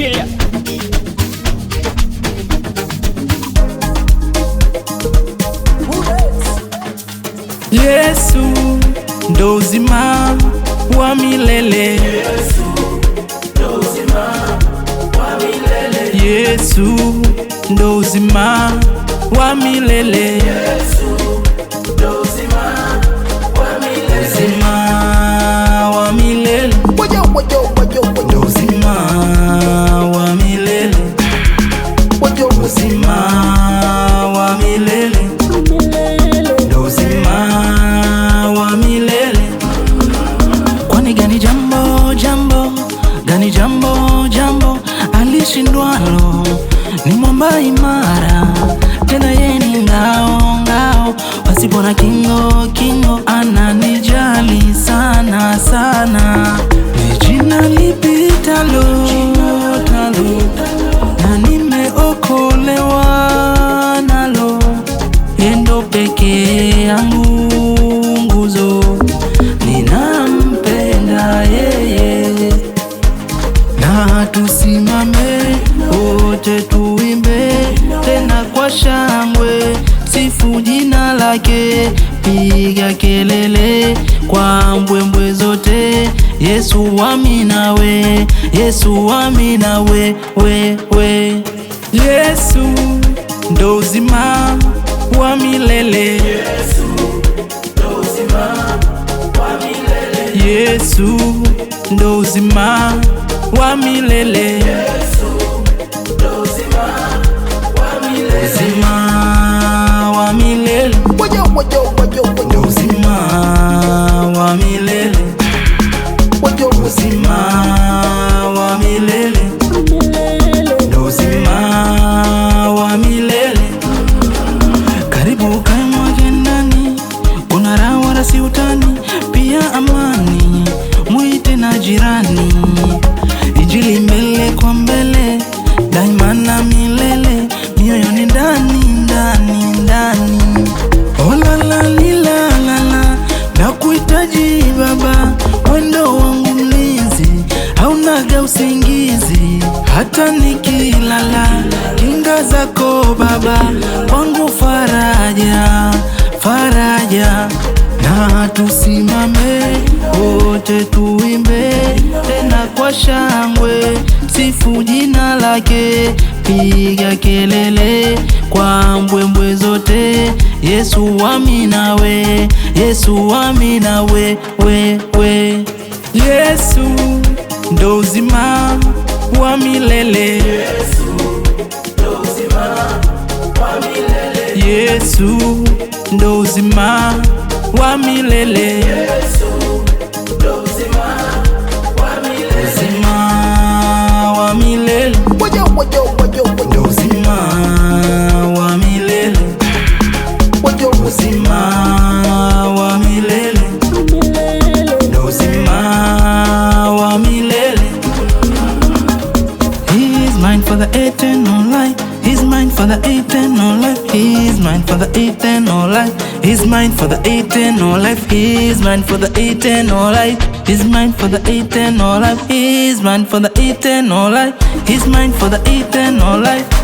Chilia. Yesu ndo uzima wa milele. Yesu ndo uzima wa milele. Yesu ndo uzima wa milele. Yesu simama imara, tena yeye ni ngao ngao, wasipona kingo kingo, ananijali sana sana. Ni jina lipi talo talo, na nimeokolewa nalo, endo peke yangu nguzo, ninampenda yeye na tusi zake, piga kelele kwa mbwembwe zote, Yesu amina we, Yesu amina we, we, we. Yesu ndo uzima wa milele, Yesu ndo uzima wa milele, Yesu ndo uzima wa milele, Yesu ndo uzima wa milele. Uzima mbele kwa mbele, daima na milele, ni ndani ndani ndani. Oh la la lila la la, nakuhitaji Baba, wendo wangu mlinzi, haunaga usingizi hata nikilala, kinga zako Baba wangu faraja faraja na tusimame wote tuimbe tena kwa shangwe msifu jina lake, piga kelele kwa mbwembwe zote, Yesu amina we, Yesu amina we, we, we. Yesu ndo uzima wa milele, Yesu ndo uzima wa milele, Yesu wa milele, Yesu mine for the eternal life. He's mine for the eternal life. He's mine for the eternal life. He's mine for the eternal life. He's mine for the eternal life. He's mine for the eternal life.